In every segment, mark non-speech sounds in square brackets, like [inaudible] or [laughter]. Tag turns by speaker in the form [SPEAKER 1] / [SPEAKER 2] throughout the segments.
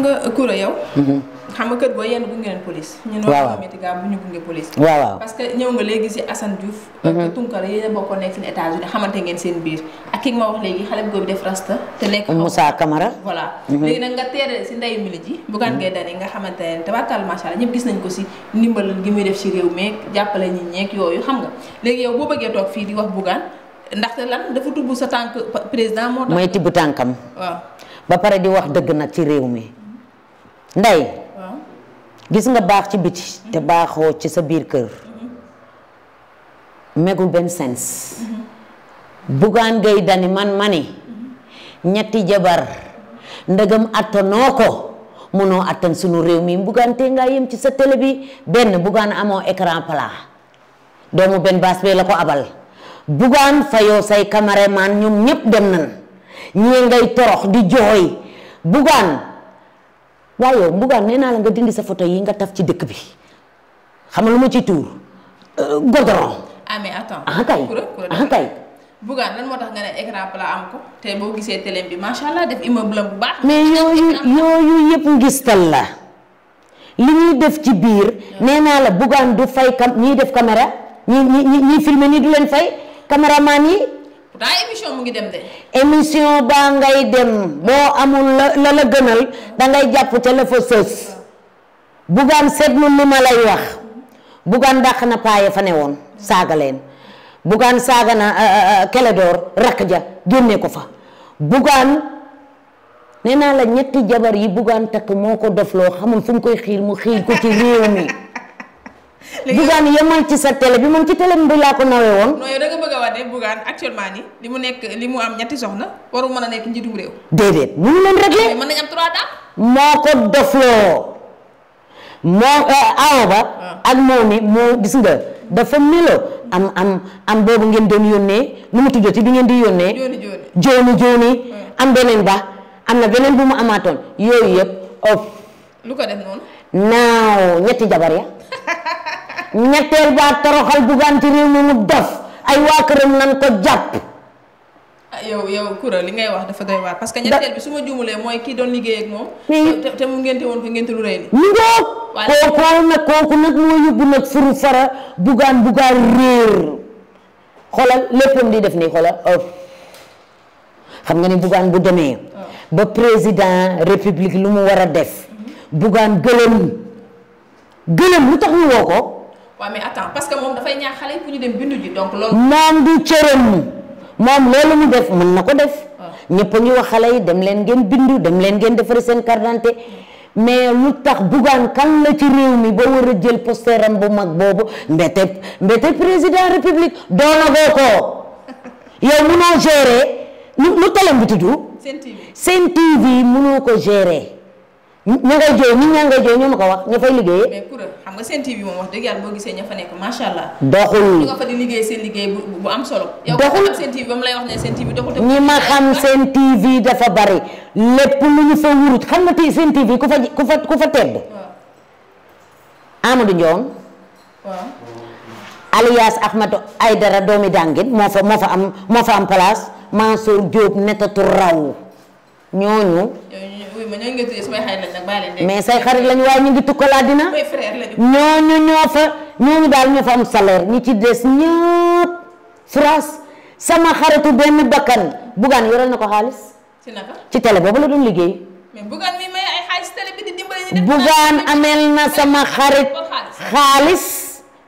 [SPEAKER 1] nga kura yow mhm. xam nga kër boo yenn gunge leen police ñun waaw metti gaa bu ñu gunge police waaw parce que nga si Assane Diouf ak mhm. Tunkara yéen boo ko nekk seen étage yi ngeen seen biir ak ki nga wax léegi xale bu def rasta te nekk
[SPEAKER 2] Moussa Camara
[SPEAKER 1] voilà mhm. léegi nag nga teere si ndeyu bu ngay dani nga allah gis nañ ko gi muy def ñi xam nga di wax bugaan ndaxte lan dafa sa président tax
[SPEAKER 2] waaw ba di wax ndey gis nga bax ci biti te baxo ci sa bir keur megul ben sens bugaan gay dani man mani ñetti jabar ndegam atanoko mono atan sunu rew mi bugaan te nga yem ci sa télé bi benn bugan amo écran plat doomu benn baas bee abal bugan fayo say cameraman ñoom ñep dem nan ñi ngay torox di jooy bugan waaye yow mbugaan nee naa la nga dindi sa photo yi nga taf ci dëkk bi xam nga lu ma ciy tuur euh, gordoron.
[SPEAKER 1] ah mais attends ah kay ah, gisee télé bi macha allah def immeuble bu baax. mais yooyu
[SPEAKER 2] yooyu yëpp ngistal la li ñuy def ci biir nee naa la Bougane du fay cam ñiy def caméra ñi ñi ñi filmer nii du leen fay caméraman yi.
[SPEAKER 1] daa émission ngi dem de.
[SPEAKER 2] émission baa ngay dem boo amul la la la gënal da jàpp ca la fa sës bugaan seetlu li ma lay wax bugaan dàq na paaye fa ne woon saaga leen bugaan saaga na euh, euh, euh, Keledoor rakk ja génne ko fa bugaan ne naa la ñetti jabar yi bugaan takk moo ko dofloo xamul fu mu koy xiir mu xiir ko ci réew mi. bugan Bougane man ci sa télé bi mon ci télé mbi la ko nawé won
[SPEAKER 1] no yow da nga bëgg a wax actuellement ni limu nek limu am ñetti soxna waru mëna nek nekk rew
[SPEAKER 2] réew. mu ñu leen réglé. mëna nga am 3 dames. moko ko mo moo ak momi ni gis nga dafa melo am am am bobu ngeen doon yónnee nu mu ci bi ngeen di yonne joni joni am benen ba am na beneen bu mu amaton yoy yëpp of lu ko def non naw ñetti jabar ya ñettel ba toroxal Bougane ci rew mi mu def ay wa kërëm nan ko japp
[SPEAKER 1] yow yow kura li ngay wax dafa doy waar parce que ñettel bi suma ma moy ki doon liggéey ak mom té mu ngénte won ko ngénte lu rëy do ko ko na
[SPEAKER 2] ko ko nak mo yóbbu nak furu fara bu Bougane réer xolal léppam di def ni xolal xam nga ni gan bu démé ba président république lu mu wara a def. gan gëlem gëlem lu tax ñu woko
[SPEAKER 1] waaw mais parce que moom dafay ñaax xale ñu dem bindu ji donc loolu. moom
[SPEAKER 2] du cëram moom loolu mu def mën na ko def. Ah. ñëpp a ngi wax xale yi dem leen ngeen bindu dem leen ngeen defari seen carte mais lu tax Bougane kan la ci réew mi ba war a jël posteram bu mag boobu mbete mbete président république doonagoo ko yow mënoo gérer lu lu talam bi tudd. TV Sen ko gérer. ña ngay jooy nit ngay jooy ñoom ko wax ñu fay liggéey mais
[SPEAKER 1] kura xam nga sen tv moom wax deug yalla boo gisee ña fa ma sha allah doxul nga fa di liggéey sen liggéey bu am solo yow xam sen tv bam lay wax ne sen tv doxul ñi ma xam
[SPEAKER 2] sen tv dafa bari lepp lu ñu fa wurut xam nga tey sen tv ku fa ku fa ku fa tedd amadou ndion wa alias ahmad aydara domi dangin mo fa mo fa am mo fa am place mansour diop netatu raw ñooñu
[SPEAKER 1] mais say xarit lañ waaye ñu ngi tukkalaa dina
[SPEAKER 2] ñooñu ñoo fa ñooñu daal ñoo fa am salaire ci des ñëpp France sama xaritu benn bakkan Bougane yoral na ko xaalis ci télé boobu la doon liggéey
[SPEAKER 1] Bougane
[SPEAKER 2] ameel na sama xarit xaalis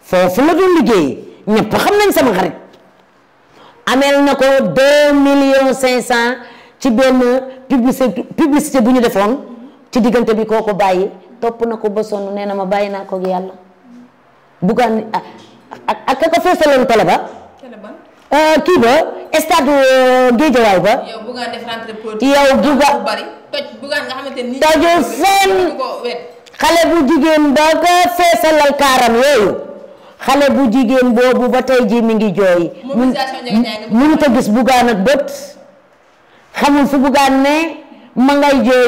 [SPEAKER 2] foofu la doon liggéey ñëpp xam nañ sama xarit ameel na ko ci benn publicité bu ñu defoon ci diggante bi kooku bàyyi topp na ko ba sonn nee na ma bàyyi naa kook ak yàlla buggaan ah, ak ak ka ko feesaloon télé ba euh, kii ba stade euh, Géejawaay ba
[SPEAKER 1] yow buggaan def rentrée
[SPEAKER 2] xale bu jigéen ba ko feesalal kaaram yooyu xale bu jigéen boobu ba tey ji mi ngi jooy mun mënut a gis buggaan ak bët xamul fu buggaan ne ma ngay jey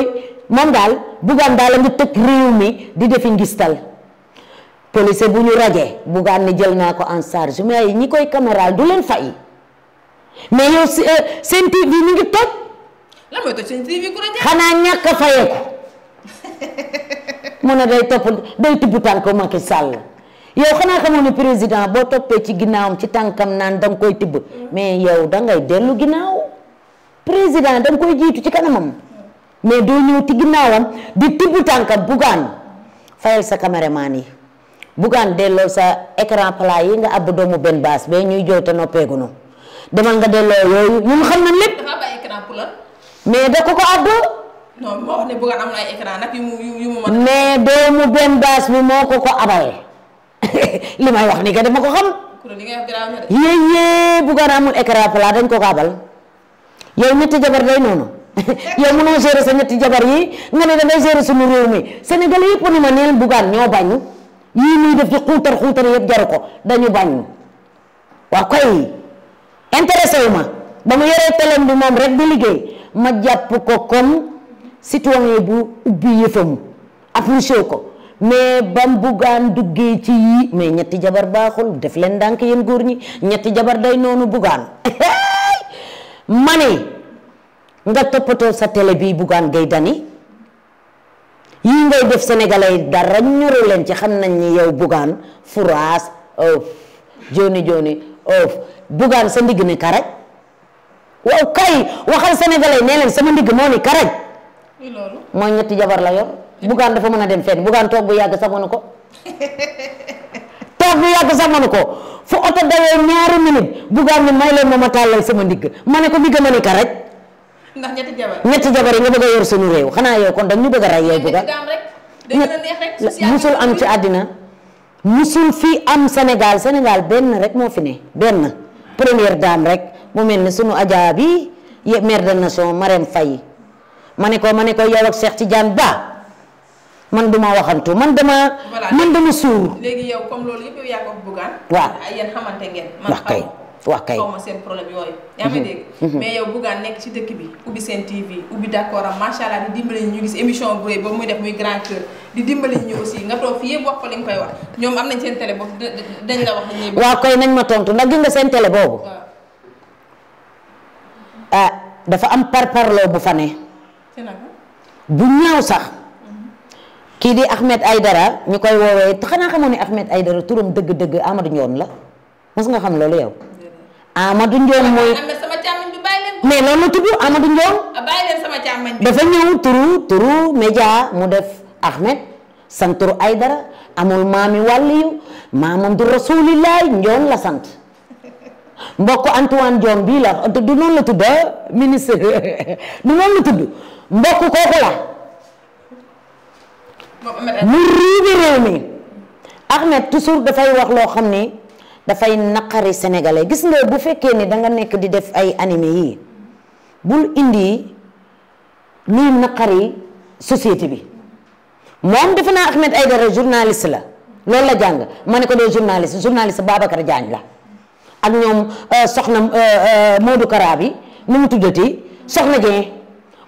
[SPEAKER 2] mom dal bugan dal la ngi rew mi di defi ngistal police buñu ñu rajee buggaan jël naa ko en charge mais ñi koy caméra du len fay mais yow euh, sen TV mi ngi tok
[SPEAKER 1] la moy tok sen TV ku rajee. xana ñaka fayé ko
[SPEAKER 2] [laughs] mo na day top day tan ko manki sal yow xana xamoo ne président boo ci ginnaawam ci tankam nan dang koy tibb mm. mais yow dangay delu ginaaw président da koy jiitu ci kanamam mais doo ñëw ci ginnaawam di tibb tànkam bugaan fayal sa caméraman yi bugaan delloo sa écran plat yi nga abbu doomu benn baas ba ñuy jooy te noppeegunu demal nga delloo yooyu ñun xam na lépp mais da ko ko abbu mais doomu benn baas bi moo ko ko abal [laughs] li may wax ni que dama ko xam. kuréel yi amul écran plat dañ ko ko abal. yang ñetti jabar day nono [laughs] yow mënoo gérer sa ñetti jabar yi nga ne dangay gérer suñu réew mi Sénégal yëpp ni ma neel bugaan ñoo bañ yii muy def ci xuutar xuutar yëpp jaru ko dañu bañ waaw koy intéressé wu ma ba mu yoree telem bi moom rek di ma jàpp ko comme citoyen bu ubbi yëfam apprécié ko mais bam bugaan duggee ci yi mais ñetti jabar baaxul def leen jabar day [laughs] ma ne nga toppatoo sa télé bi Bougane Gueye Dany yii ngay def sénégalais dara ñoru ci xam nañ ni yow Bougane furaas of joni joni of Bougane sa ndigg ni karaj waaw kay waxal sénégalais nee leen sama ndigg moo ni karaj mooy ñetti jabar la yor Bougane dafa mën a dem fenn Bougane toog bu yàgg sax mënu ko
[SPEAKER 1] [laughs]
[SPEAKER 2] wax yàgg sax manu ko fu oto dawee ñaari minute buggaan ni may leen ma ma tàllal sama ndigg ma ne ko ndigg ma ne ka rek
[SPEAKER 1] ndax ñetti jabar yi nga bëgg a yor
[SPEAKER 2] suñu réew xanaa yow kon dañ ñu bëgg a rey yow bëgg a musul am ci àddina musul fii am Sénégal Sénégal benn rek moo fi ne benn première dame rek mu mel ni suñu ajaa bi mère de nation Marème Faye ma ne ko ma ne ko yow ak Cheikh Tidiane Ba man duma waxantu man dama. man dama suur.
[SPEAKER 1] léegi yow comme loolu yëpp yow yaa ko bëggaan. waaw yéen xamante ngeen. wax
[SPEAKER 2] kay wax kay
[SPEAKER 1] seen problème yooyu. yaa mhm. Mhm. mais yow bëggaan nekk ci dëkk bi ubbi seen TV ubbi d'accord am macha allah di dimbali ñu gis émission bu rëy ba muy def muy grand cœur di dimbali ñu aussi nga toog fii yëpp wax ko li nga koy wax ñoom am nañ seen télé boobu dañ la wax. waaw
[SPEAKER 2] kay nañ ma tontu ndax gis nga seen télé ah, am parparloo bu fa ne. bu ñaaw sax. ki di Ahmed Aydara ñukoy wowe taxana xamone Ahmed Aydara turum deug deug Amadou Ndione la mos nga xam lolu yow. Amadou Ndione mooy. mais loolu la tudd Amadou Ndione.
[SPEAKER 1] Ah, bàyyi len sama chamagne bi dafa ñew
[SPEAKER 2] turu turu meja, mu def Ahmed sant Aydara amul mami waliyu mamam du rasulillah Ndione la sant. mbokk Antoine Diome bi la du non la tudde ah, ministre [laughs] du la tudde mbokk koku la. mu ruube réew mi Ahmed toujours dafay wax loo xam ni dafay naqari sénégalais gis nga bu fekkee ni danga nekk di def ay animé yii bul indi luy naqari société bi moom defe naa Ahmed Aidara journaliste la loolu la jàng ma ne ko doo journaliste journaliste Babacar Diagne la ak ñoom euh, soxna euh, euh, Modou Kara mu tuddati soxna Dieng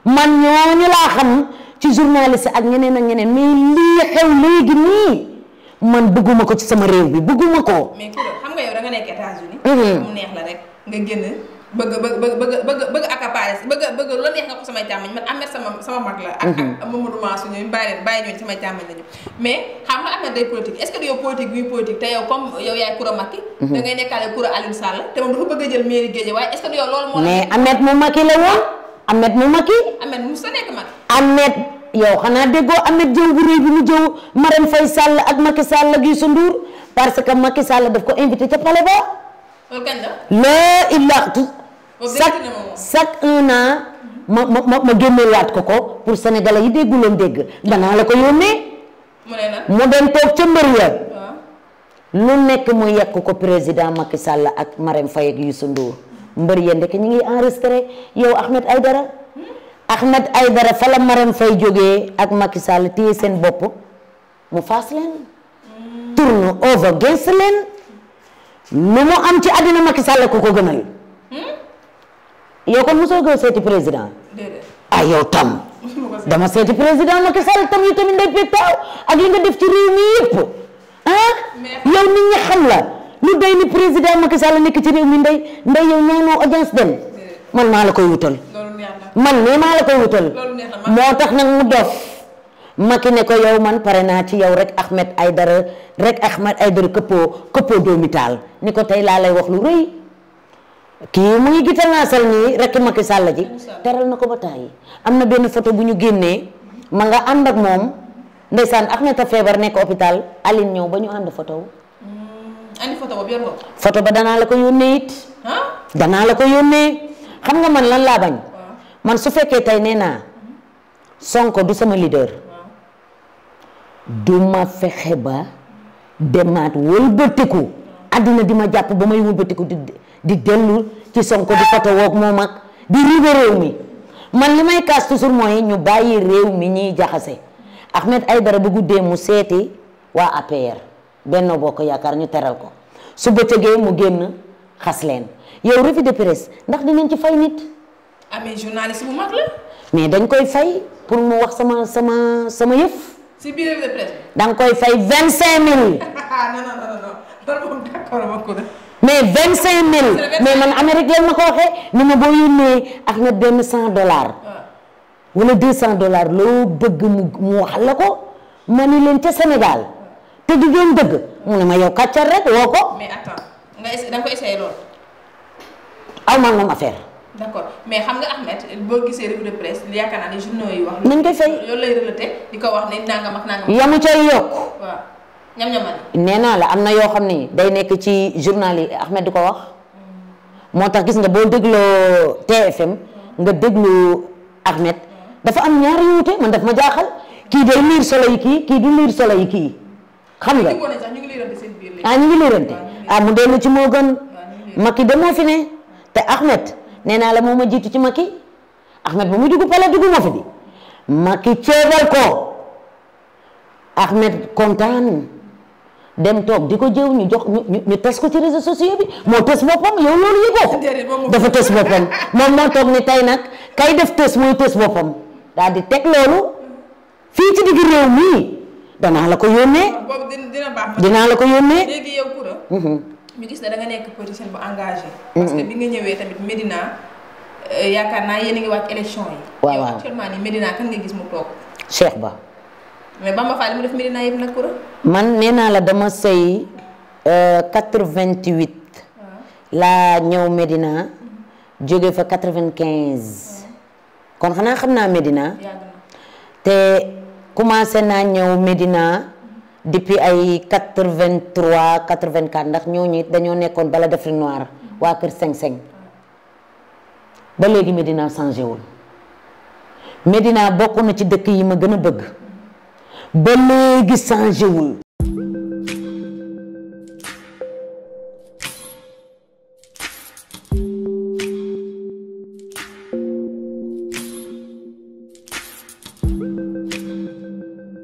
[SPEAKER 2] man ñooñu laa xam ci journaliste ak ñeneen ak ñeneen mais lii xew léegi nii man bëgguma ko ci sama réew bi bëgguma ko.
[SPEAKER 1] mais xam nga yow da nekk États-Unis mm-hmm. bëgg bëgg bëgg bëgg bëgg accaparer bëgg bëgg la neex nga ko samay càmmañ man Ahmed sama sama mag la. ak ak mm-hmm. Mamadou Mansour ñoom bàyyi bàyyi ñooñu samay càmmañ lañu. mais xam nga Ahmed day politique est-ce que yow politique buy politique te yow comme yow yaay Koura Macky. Mm-hmm. da ngay nekkaale Koura Alioune Sall te moom dafa bëgg a jël mairie Guédiawaye est-ce que yow loolu moo. mais Ahmed
[SPEAKER 2] mu Macky la Ahmed mu mag yi. yow xanaa déggoo Ahmed jëw bu rëy bi mu jëw Marème Faye Sall ak Macky sàll ak Youssou Ndour parce que Macky sàll daf ko invité ca palais ba. loolu kañ la. la un an. ma ma ma ma ko ko pour sénégalais yi déggu leen dégg danaa la ko yónnee. mu dem toog ca mbër ya lu nekk mu yekk ko président Macky sàll ak Marème Faye ak Youssou Ndour. mbër ya ndeke ñu ngi enregistré yow ay Aydara Ahmed ay fa la Marème Faye jógee ak Macky Sall téye seen bopp mu faas leen tourne over against leen mu am ci àddina Macky Sall ku ko gënal yow kon mosoo gën seeti président ah yow tam dama seeti président Macky Sall tam yu tamit ndey pétaaw ak li nga def ci réew mi ah? yow nit ñi xam lu day ni président Macky Sall nekk ci réew mi ndey ndey yow ñaanoo audience dem man maa la koy wutal man mii maa la koy wutal moo tax nag mu dof Macky ne ko yow man pare naa ci yow rek Ahmed Aïdara rek Ahmed Aïdara këppoo këppoo doomi taal ni ko tey laa lay wax lu rëy kii mu ngi gital naa sal nii rek Macky sàll ji teral na ko ba tàyyi am na benn photo bu ñu génnee ma nga ànd ak moom ndeysaan Ahmed a feebar nekk hôpital Aline ñëw ba ñu ànd photo ani photo ba dana la ko yónnee it. dana la ko yónnee xam nga man lan la bañ. man su fekke tay neena Sonko du sama leader. duma ma ba demat wëlbatiku. àddina di ma jàpp ba may di di delu ci Sonko di photo wok mom ak di rew mi man limay may kaas toujours mooy ñu bayyi rew mi ñi jaxase Ahmed aybara bu guddee mu seeti wa APR. Benno Bokk Yaakaar ñu teral ko su bëccëgee mu génn xas leen yow revue de presse ndax dinañ ci fay
[SPEAKER 1] nit. amee ah, journaliste
[SPEAKER 2] mais dañ koy fay pour mu wax sama sama sama yëf. si biir revue koy fay vingt cinq mille.
[SPEAKER 1] [laughs] Ah,
[SPEAKER 2] mais vingt cinq mille mais man Amérique leen ma ko waxee ni ma boo yónnee ak nga benn cent dollars. Ah. wala deux cent dollars loo bëgg mu mu la ko ma ni leen ca Sénégal. te du doon deug mu ne ma yow ya, katchar rek woko
[SPEAKER 1] mais attends nga essayé da ko essayer lool.
[SPEAKER 2] aw ma moom affaire.
[SPEAKER 1] d'accord mais xam nga Ahmed bo gisee revue de presse li yakana ni journaux yi wax. nañ ko fay loolu lay relaté di wax ni nangam ak nangam. yamu
[SPEAKER 2] cey yok wa ñam ñamal. nee la amna yo xamni day nekk ci journal yi Ahmed di wax. Hmm. motax gis nga bo dégloo TFM. Hmm. nga déglu Ahmed. Hmm. dafa am yu wuté man daf ma jaxal ki day liir solo ki ki du liir solo ki xam nga ah ñu ngi liirante ah, ah mu dellu ci moo gën ah, makki demoo fi ne te Ahmed nee naa la moom ma jiitu ci Macky Ahmed ba mu dugg pale dugg ma fi di Macky ceebal ko Ahmed kontaan dem toog di ko jëw ñu jox ñu tas ko ci réseaux sociaux bi moo tës boppam yow loolu
[SPEAKER 1] yëgoo ko dafa tës boppam
[SPEAKER 2] moom moo toog ni tey nag kay def tës mooy tës boppam daal di teg loolu mm. fii ci digg réew mii danaa la ko yónnee.
[SPEAKER 1] dina baax dinaa la ko yónnee. léegi mm-hmm. gis ne da nekk politicien bu engagé. Mm-hmm. parce que bi nga ñëwee tamit Medina euh, yaakaar naa yéen ngi waaj élection yi. waaw waaw Medina kan nga gis mu toog. Cheikh Ba. mais Bamba Fall mu def Medina yëpp nag Coura.
[SPEAKER 2] man nee naa la dama sëy 88. Euh, ah. laa ñëw Medina. Mm-hmm. jóge fa 95. kon xanaa xam naa Medina. te. commencé naa ñëw Médina depuis ay quatre vingt trois quatre vingt quatre ndax ñooñu dañoo nekkoon bala def noir waa Kër Seng Seng ba léegi Médina changé wul Médina bokk na ci dëkk yi ma gën a bëgg ba léegi changé